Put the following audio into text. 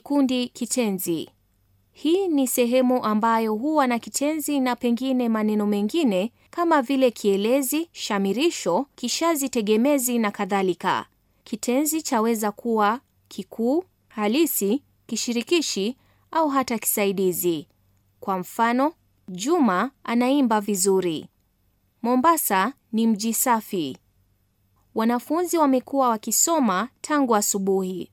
kikundi kitenzi. Hii ni sehemu ambayo huwa na kitenzi na pengine maneno mengine kama vile kielezi, shamirisho, kishazi tegemezi na kadhalika. Kitenzi chaweza kuwa kikuu, halisi, kishirikishi au hata kisaidizi. Kwa mfano, Juma anaimba vizuri. Mombasa ni mji safi. Wanafunzi wamekuwa wakisoma tangu asubuhi.